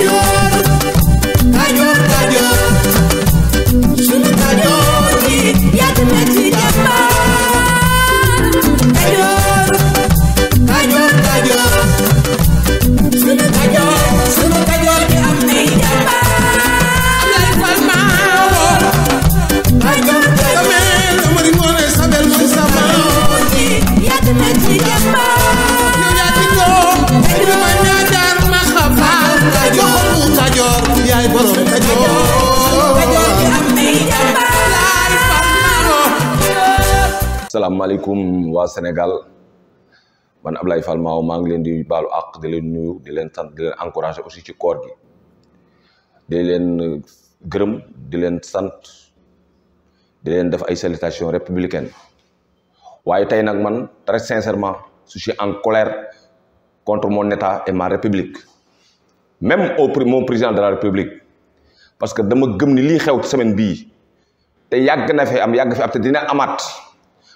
You assalamualaikum wa senegal man ablay Fall maw ma ngi len di balu ak di len nuyu di len tan di len encourager aussi ci koor gi di len gërem di len sante di len def ay salutations républicaines waye tay nak man très sincèrement je suis en colère contre mon état et ma république même au mon président de la république parce que dama gëm ni li xew ci semaine bi te yag na fi am yag fi am té dina amat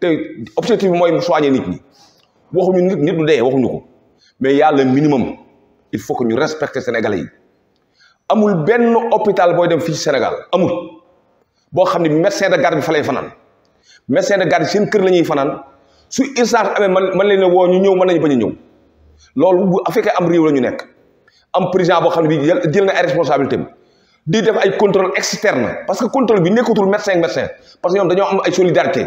te objectif bi mooy mu soigner nit ñi waxuñu nit nit du dee waxuñu ko mais yàlla minimum il faut que ñu respecter sénégalais yi amul benn hôpital booy dem fii ci Sénégal amul boo xam ne médecin de garde bi fa lay fanaan médecin de garde bi seen kër la ñuy fanaan su urgence amee man man leen ne woo ñu ñëw mën nañu bañ a ñëw loolu bu fekkee am réew la ñu nekk am président boo xam ne bi jël na ay di def ay contrôle externe parce que contrôle bi nekkatul médecin ak médecin parce que ñoom dañoo am ay solidarité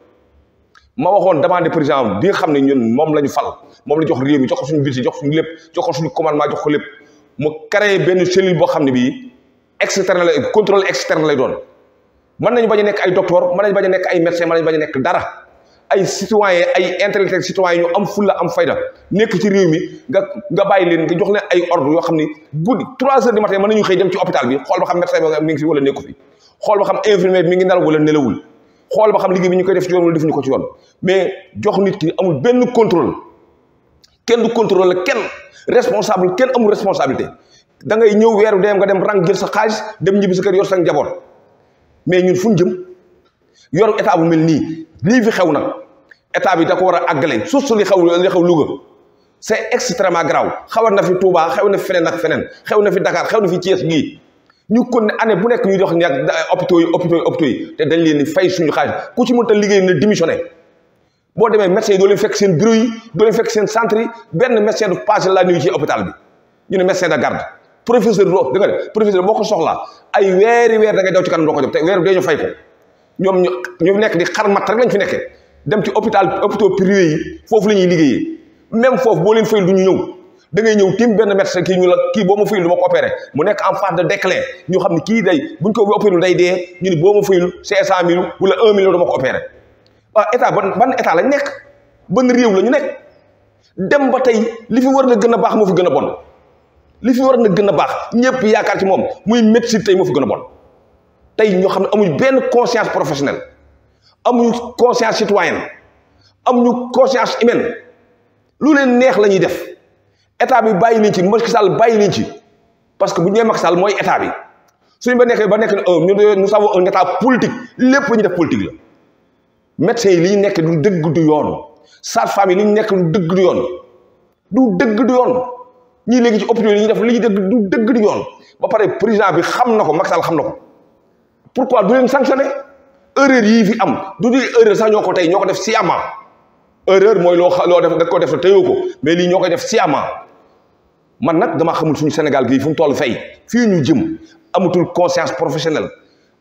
ma waxoon demandé président bi nga xam ne ñun moom la ñu fal moom la jox réew mi jox ko suñu budget jox suñu lépp jox ko suñu commandement jox ko lépp mu boo xam ne bii externe la contrôle externe lay doon mën nañu bañ a nekk ay docteur mën nañu bañ a nekk ay médecin mën nañu bañ nekk dara ay citoyen ay intellectuel citoyen ñu am fulla am fayda nekk ci réew mi xëy dem ci hôpital bi xool ba xam médecin bi mi ngi fi wala nekku fi xool ba xam liggéey bi ñu koy def ci yoon wala defuñu ko ci yoon mais jox nit ki amul benn contrôle kenn du contrôle kenn responsable kenn amul responsabilité da ngay ñëw weeru dem nga dem rang jël sa xaalis dem ñibbi sa kër yor sa njaboot mais ñun fu ñu jëm yor état bu mel nii lii fi xew na état bi da ko war a àggale suuf su li xew li xew Louga c'est extrêmement grave xaw na fi tuubaa xew na fi feneen ak feneen xew na fi dakaar xew na fi Thiès gii ñu kon année bu nekk ñuy dox ñàkk hôpitaux yi hôpitaux yi hôpitaux yi te dañ leen fay suñu xaalis ku ci mënta liggéey na démissionné boo demee médecin yi doo leen fekk seen bureau yi doo leen fekk seen centre yi benn médecin du passé la nuit ci hôpital bi ñu ne médecin de garde professeur doo danga de professeur boo ko soxlaa ay weeri weer da ngay daw ci kanam doo ko jot te weer bi ñu fay ko ñoom ñu ñu nekk di xarmat rek lañ fi nekkee dem ci hôpital hôpitaux privés yi foofu la ñuy liggéeyee même foofu boo leen fay du ñu ñëw da ñëw tiim benn médecin kii ñu la kii boo ma fayul du ko opéré mu nekk en phase de déclin ñu xam ne kii day buñ ko opéré day dee ñu ni boo ma fayul cinq cent mille wala un million du ma ko opéré waaw état ban ban lañu nekk ban réew la ñu nekk dem ba tey li fi war na gën a baax moo fi gën a bon li fi war a na gën a baax ñëpp yaakaar ci moom muy médecine tey moo fi gën a bon tey ñoo xam ne amuñ benn conscience professionnelle amuñu conscience citoyenne amuñu conscience humaine lu leen neex la ñuy def état bi bàyyi nañ ci Macky Sall bàyyi nañ ci parce que bu ñu nee Macky Sall mooy état bi suñu ba nekkee ba nekk ne nous avons un état politique lepp ñu def politique la médecins yi li ñu nekk du deug du yoon sa famille li ñu nekk du deug du yoon du deug du yoon ñi léegi ci hôpitaux li ñu def li deug du deug du yoon ba paré président bi xam nako ko Macky Sall xam nako pourquoi du leen sanctionné erreur yi fi am du di erreur sax ñoko tay ñoko def siama erreur moy lo lo def da ko def te ko mais li ñoko def siama man nag dama xamul suñu Sénégal gii fu mu toll fay fii ñu jëm amatul conscience professionnelle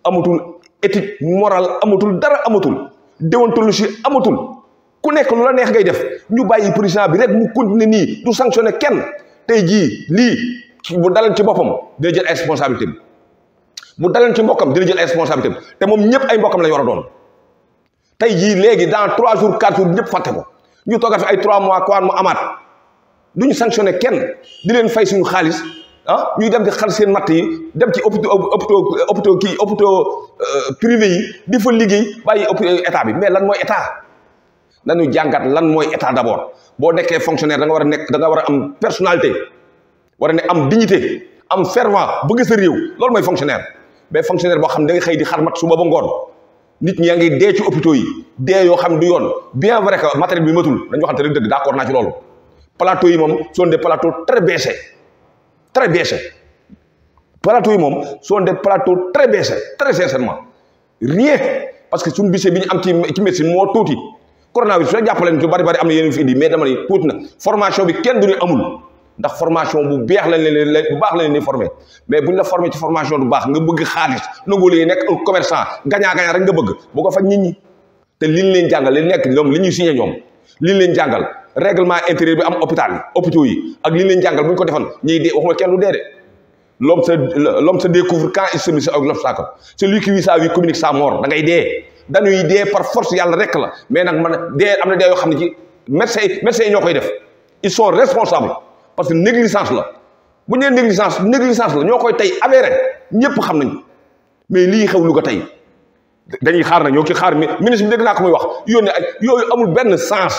amatul éthique morale amatul dara amatul déontologie amatul ku nekk lu la neex ngay def ñu bàyyi président bi rek mu continuer nii du sanctionner kenn tey jii lii bu daleen ci boppam dina jël responsabilité bi bu daleen ci mbokkam dina jël responsabilité bi te moom ñëpp ay mbokkam lañ war a doon tey jii léegi dans trois jours quatre jours ñëpp fàtte ko ñu toogat fi mois quoi mu amaat du ñu sanctionné kenn di leen fay suñu xaalis ah ñuy dem di xal seen matt yi dem ci hôpitaux hôpitaux hôpitaux kii hôpitaux euh, privé yi di fa liggéey bàyyi euh, état bi mais lan mooy état nañu jàngat lan mooy état d'abord boo nekkee fonctionnaire da nga war a nekk da nga war a am personnalité war a ne am dignité am fervent bëgg sa réew loolu mooy fonctionnaire mais fonctionnaire boo xam ne da nga xëy di mat suba ba ngoon nit ñi yaa ngi dee ci hôpitaux yi dee yoo xam du yoon bien vrai que matériel bi matul dañu waxante rek dëgg d'accord naa ci loolu plateau yi mom sont des plateaux très baissés très baissés plateau yi mom sont des plateaux très baissés très sincèrement rien parce que suñu bise bi am ci ci médecine mo touti coronavirus rek jàppale ñu bari bari am na yeneen fi indi mais dama ni tuuti na formation bi kenn duñu amul ndax formation bu bex lañ leen bu bax lañ leen formé mais buñ la formé ci formation du bax nga bëgg xaalis nangu leen nek un commerçant gaña gaña rek nga bëgg bu ko fa nit ñi te liñ leen jangal li nek ñom liñu signé ñom liñ leen jangal réglement intérieur bi am hôpital yi yi ak li ñu leen jàngal bu ñu ko defoon ñuy dee waxuma kenn lu dee de l'homme se l'homme se découvre quand il se met avec l'obstacle celui qui vit sa vie communique sa mort da ngay dee dañuy dee par force yàlla rek la mais nag man dee am na dee yoo xam ne ci médecin médecin yi ñoo koy def ils sont responsables parce que négligence la bu ñu sance négligence négligence la ñoo koy tey avéré ñëpp xam nañ mais lii xew lu ko tey dañuy xaar na ñoo ki xaar mi ministre bi ko muy wax yónnee ay yooyu amul benn sens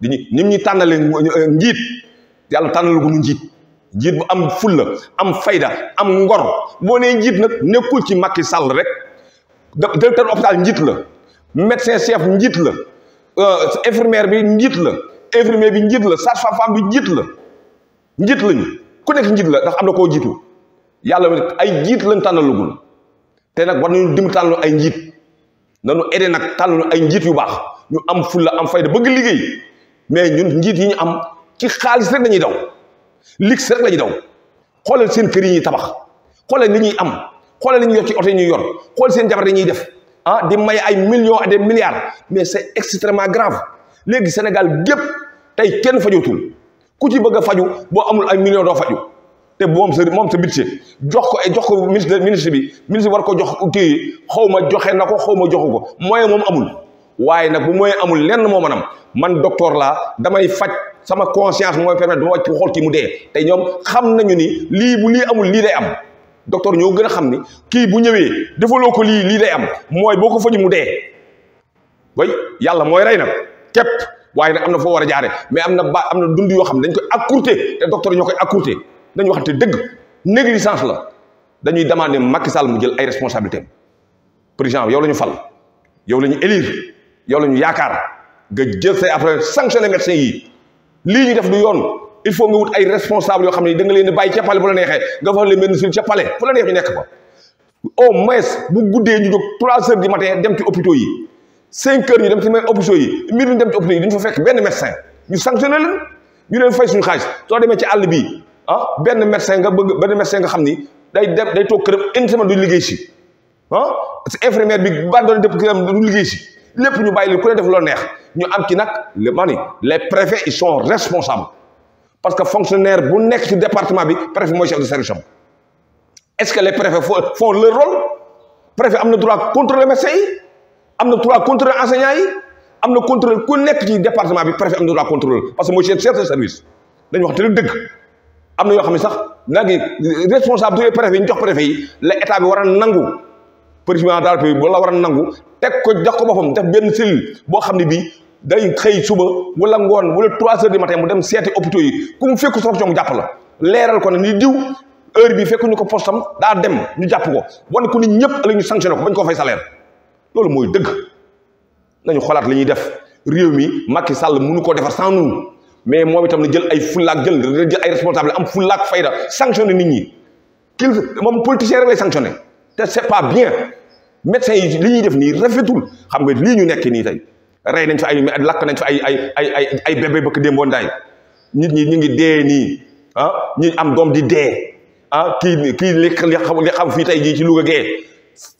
di ñu ñim ñi tànnale euh, njiit yàlla tànnal ko nu njiit njiit bu am fulla am fayda am ngor boo nee njiit nag nekkul ci Macky Sall rek directeur hôpital njiit la médecin chef njiit la euh, infirmière bi njiit la infirmier bi njiit la sage-femme njiit la njiit lañu ku nekk njiit la ndax xam na koo jiitu yàlla ay njiit lañ tànnalagul te nag war nañu dim ay njiit nañu aidé nag tànn ay njiit yu baax ñu am fulla am fayda bëgg liggéey mais ñun njiit yi ñu am ci xaalis rek lañuy daw luxe rek lañuy daw xoolal seen kër yi ñuy tabax xoolal li ñuy am xoolal li ñuy yor ci oto ñu ñuy yor xool seen jabar yi ñuy def ah di may ay millions ak des milliards mais c'est extrêmement grave léegi Sénégal gépp tey kenn fajootul ku ci bëgg a faju boo amul ay millions doo faju te moom sa moom sa jox ko jox ko ministre ministre bi ministre war ko jox kii xaw ma joxe na ko xaw ma joxu ko moyen moom amul waaye nag bu mooy amul lenn moo mën am man docteur laa damay faj sama conscience mooy du ma wàcc xool kii mu dee tey ñoom xam nañu ni lii bu lii amul lii day am docteur ñoo gën a xam ni kii bu ñëwee defaloo ko lii lii day am mooy boo ko faju mu dee way yàlla mooy rey na képp waaye nag am na foo war a jaare mais am na ba am na dund yoo xam ne dañ koy accourté te docteur ñoo koy accourté dañu waxante dëgg négligence la dañuy demandé Macky Sall mu jël ay responsabilités président yow la ñu fal yow la yow la ñu yaakaar nga jël say après sanctionné médecin yi lii ñu def du yoon il faut nga wut ay responsable yoo xam ne da nga leen di bàyyi ca pale bu la neexee nga fa leen ministre pale fu la neex ñu nekk fa au moins bu guddee ñu jóg trois heures du matin dem ci hôpitaux yi cinq heures ñu dem ci même hôpitaux yi mbir ñu dem ci hôpitaux yi duñu fa fekk benn médecin ñu sanctionné leen ñu leen fay suñu xaalis soo demee ci àll bi ah benn médecin nga bëgg benn médecin nga xam ni day dem day toog këram une semaine duñ liggéey si ah parce que infirmière bi abandonné depuis këram duñ liggéey si lépp ñu bàyyi ku ne def neex ñu am ci les préfets ils sont responsables parce que fonctionnaires, bu nekk département bi préfet mooy chef de service est-ce que les préfets font leur rôle préfet am le droit contrôler médecin yi am le droit contrôler enseignants yi am le contrôle ku nekk ci département bi préfet am le droit contrôler. parce que mooy chef de service dañu wax te lu dëgg am na yoo xam sax nag responsable du préfet ñu jox préfet yi la bi war président de la République la war a nangu teg ko jox ko benn cellule boo xam ne bii day xëy suba wala ngoon wala trois heures du matin mu dem seeti hôpitaux yi ku mu fekku soxna mu jàpp la leeral ko na ni diw heure bi fekkuñu ko postam daa dem ñu jàpp ko wane ko ni ñëpp la ñu sanctionné ko bañ koo fay saleer loolu mooy dëgg nañu xolaat li ñuy def réew mi Macky Sall mënu koo defar sans nous mais moom itam na jël ay fullaak jël jël ay responsable am fullaak fayda sanctionné nit ñi kil moom politicien rek lay sanctionné te c'est pas bien médecins yi li ñuy def nii rafetul xam nga lii ñu nekk nii tey rey nañ fi ay lakk nañ fi ay ay ay ay ay bébé bëkk démboo nit ñi ñu ngi dee nii ah ñu am doom di dee ah kii kii li xam li xam fii tey jii ci Louga gee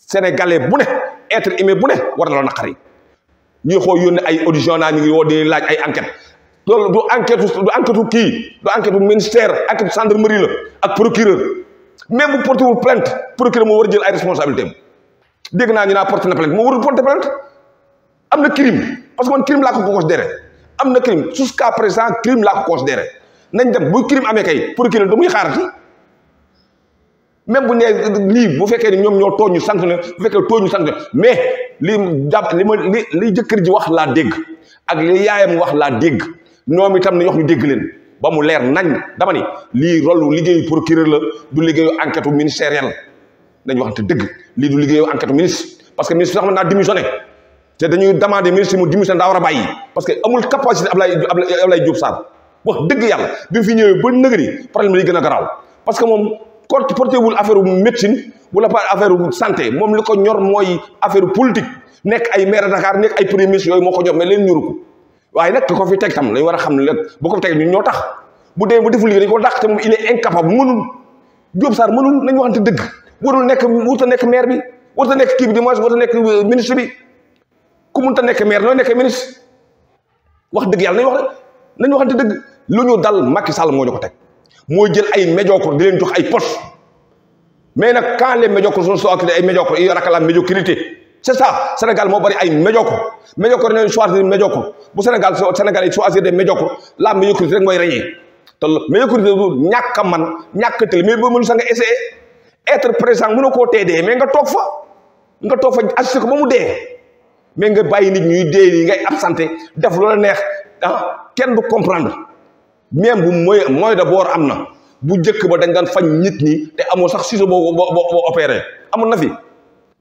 sénégalais bu ne être humain bu ne war na la naqari ñuy xool yónne ay audition naa ñu ngi woo di laaj ay enquête loolu du enquête du enquête kii du enquête ministère enquête gendarmerie la ak procureur même bu porté wul pour procureur moo war a jël ay responsabilité am dégg naa ñu naa porté na plainte moo warul porté plainte am na crime parce que man crime laa ko considéré am na crime jusqu'à présent crime laa ko considéré nañ dem bu crime amee kay procureur da muy xaarati bu nee lii bu fekkee ni ñoom ñoo tooñ ñu sanctionné bu fekkee tooñ ñu sanctionné mais li jàpp li ma li li jëkkër ji wax laa dégg ak li yaayam wax laa dégg ñoom itam ne wax ñu dégg leen ba mu leer nañ dama ni lii rolu liggéeyu procureur la du liggéeyu enquête ministérielle dañu waxante dëgg lii du liggéeyu enquête ministre parce que ministre bi sax mën naa démissionné te dañuy demandé ministre mu démissionné daa war a bàyyi parce que amul capacité Ablaye Ablaye Diop Sarr wax dëgg yàlla bi fi ñëwee ba nëgëri problème yi gën a garaaw parce que moom porte porté wul affaire médecine wala pas affaire santé moom li ko ñor mooy affaire politique nekk ay ay premier ministre moo ko ñor mais leen ñuru waaye nag ko fi teg tam lañu war a xam ne nag bu ko fi teg ñoo tax bu dee bu deful liggéey dañu ko dàq te moom il est incapable mënul Diop Sarr mënul nañu waxante dëgg warul nekk warut a nekk maire bi warut a nekk kii bi du moins warut a nekk euh, ministre bi ku mun ta nekk maire nooy nekk ministre wax dëgg yàlla nañu wax nañu dëgg lu ñu dal makki Sall moo ñu ko teg moo jël ay médiocre di leen jox ay poste mais nag quand les médiocres sont acquittés ay médiocre il y aura que la c'est ça Sénégal moo bari ay médiocre médiocre nañu choisir médiocre bu Sénégal Sénégal yi choisir des médiocre la médiocrité rek mooy régner te médiocrité du ñàkk a man ñàkk a tële mais boo mënu sax nga essayer être présent mën a koo tee dee mais nga toog fa nga toog fa assisté ko ba mu dee mais nga bàyyi nit ñuy dee yi ngay absenté def loola neex ah kenn bu comprendre même bu mooy mooy d'abord am na bu njëkk ba da fa fañ nit ñi te amoo sax ciseau boo boo boo opéré amoon na fi.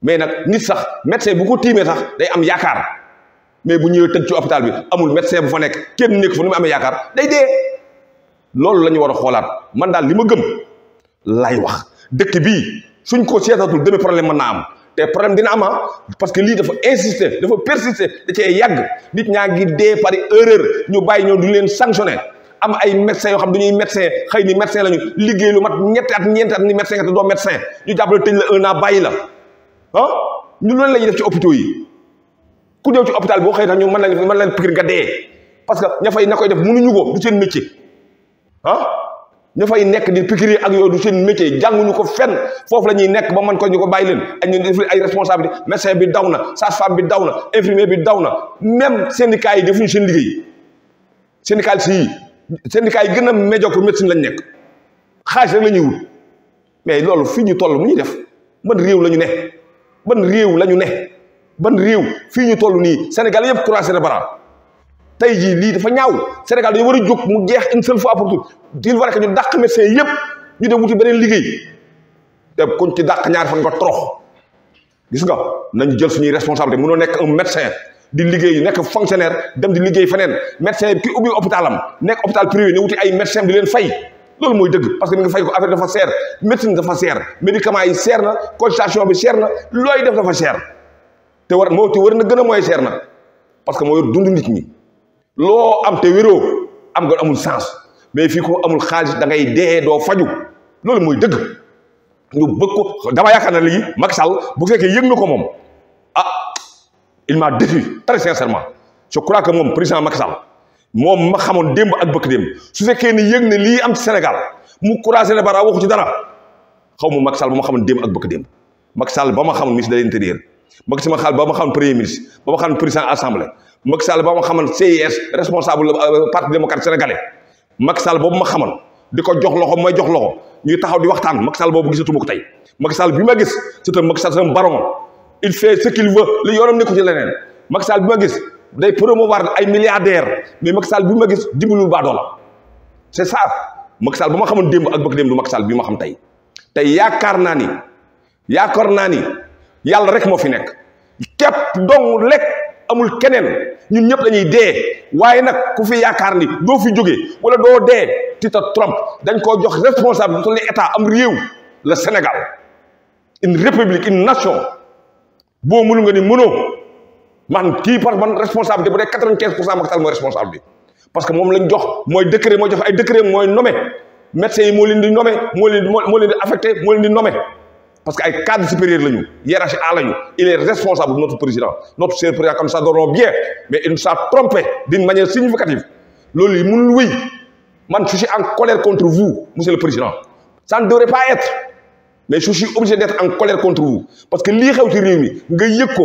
mais nag nit sax médecin bu ko tiimee sax day am yaakaar mais bu ñëwee tëdd ci hôpital bi amul médecin bu fa nekk kenn nekk fa nu mu amee yaakaar day dee loolu la ñu war a xoolaat man daal li ma gëm lay wax dëkk bii suñ ko seetaatul demee problème mën naa am te problème dina am ah, parce que lii dafa insister dafa persister da cee yàgg nit ñaa ngi dee par erreur ñu bàyyi ñoo duñ leen sanctionné am ay médecin yoo xam dañuy médecin xëy ni médecin lañu liggéey lu mat ñetti at ni médecin nga te doo médecin ñu jàppale tëj la un bàyyi la ah ñu loolu la ñuy def ci hôpitaux bi ku ñëw ci hôpital boo xëy na ñu mën nañ mën nañ pikir nga dee parce que ña fay na koy def mënuñu ko du seen métier ah fay nekk di pikir yi ak yooyu du seen métier jànguñu ko fen foofu la ñuy nekk ba mën ko ñu ko bàyyi leen ak ñu def ay responsabilité médecin bi daw na sage-femme bi daw na infirmier bi daw na même syndicat yi ñu seen liggéey syndicat si yi syndicat yi gën a médiocre médecine lañ nekk xaalis rek la mais loolu fii ñu toll mu ñuy def man réew la ñu ne ban réew la ñu ne ban réew fii ñu toll nii Sénégal yëpp croisé les bras tey jii lii dafa ñaaw Sénégal dañu war a jóg mu jeex une seule fois pour toutes il faut que ñu dàq médecin yëpp ñu dem wuti beneen liggéey te kuñ ci dàq ñaar fan nga torox gis nga nañu jël suñuy responsabilité mënoo nekk un médecin di liggéey nekk fonctionnaire dem di liggéey feneen médecin ki ubbi hôpitalam nekk hôpital privé ne wuti ay médecin di leen fay. loolu mooy dëgg parce que ni nga fay ko affaire dafa seer médecine dafa seer médicament yi seer na consultation bi seer na looy def dafa seer te war moo te war na gën a mooy seer parce que moo dund nit ñi loo am te wéroo am nga amul sens mais fii ko amul xaalis da ngay dee doo faju loolu mooy dëgg ñu bëgg ko dama yaakaar na léegi Macky Sall bu fekkee yëg na ko moom ah il m'a déçu très sincèrement je crois que moom président Macky Sall moom ma xamoon démb ak bëkk démb su fekkee ne yëg ne lii am ci Sénégal mu couragé le bara waxu ci dara xaw ma Macky Sall ba ma xamoon démb ak bëkk démb Macky Sall ba ma xamoon ministre ma xamoon premier ministre ba ma xamoon président assemblée Macky Sall ba ma xamoon CIS responsable euh, parti démocrate sénégalais Macky Sall boobu ma xamoon di ko jox loxo may jox loxo ñuy taxaw di waxtaan Macky Sall boobu gisatuma ko tey Macky Sall bi ma gis c'est un Macky Sall c'est un baron il fait ce qu'il veut day promouvoir ay milliardaire mais Macky Sall bi ma gis dimbalul baadoola c'est ça Macky Sall ba ma xamoon démb ak bëgg dem du Macky Sall bi ma xam tey tey yaakaar naa ni yaakaar naa ni yàlla rek moo fi nekk képp dong lekk amul keneen ñun ñëpp dañuy dee waaye nag ku fi yaakaar ni doo fi jóge wala doo dee tu te dañ koo jox responsable du tol ni état am réew le Sénégal une république une nation boo mënu nga ni mënoo man kii par man responsabilité bu dee quatre parce que moom lañ jox mooy décret mooy jox ay décret mooy nommé médecins yi moo leen di nommé moo leen moo leen di affecté moo leen di nommé parce que ay cadre supérieur la ñu hiérarchie A la ñu il est responsable de notre président notre cher président comme ça dorons bien mais il nous a trompé d'une manière loolu yi mënul wéy man je en colère contre vous monsieur le président ça ne pas être mais je suis obligé d'être en colère contre vous parce que lii xew ko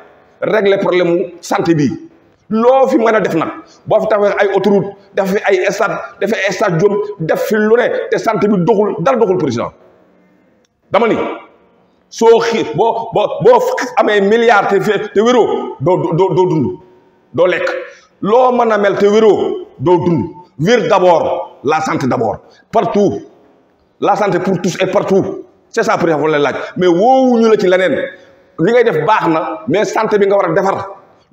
régler problème la santé bi fi def fi ay autoroute def fi ay stade def ay stadium def fi santé d'abord la santé d'abord partout la santé pour tous et partout c'est ça mais li ngay def baxna mais santé bi nga wara defar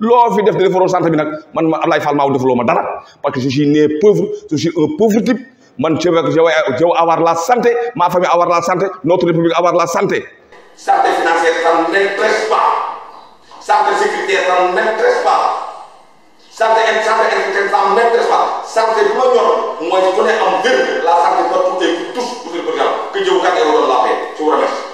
lo fi def defo defaroo santé bi nak man ma Ablaye Fall Maaw lo ma dara parce que je suis né pauvre je suis un pauvre type man je veux je avoir la santé ma famille avoir la santé notre république avoir la santé. santé financière ça ne presse pas santé sécuritaire ça ne presse pas. santé et santé et ça ne presse pas santé bu ñor mooy ku ne am la santé ba tuddee pour tous pour le programme que jëw kat yow doon laa la paix je vous remercie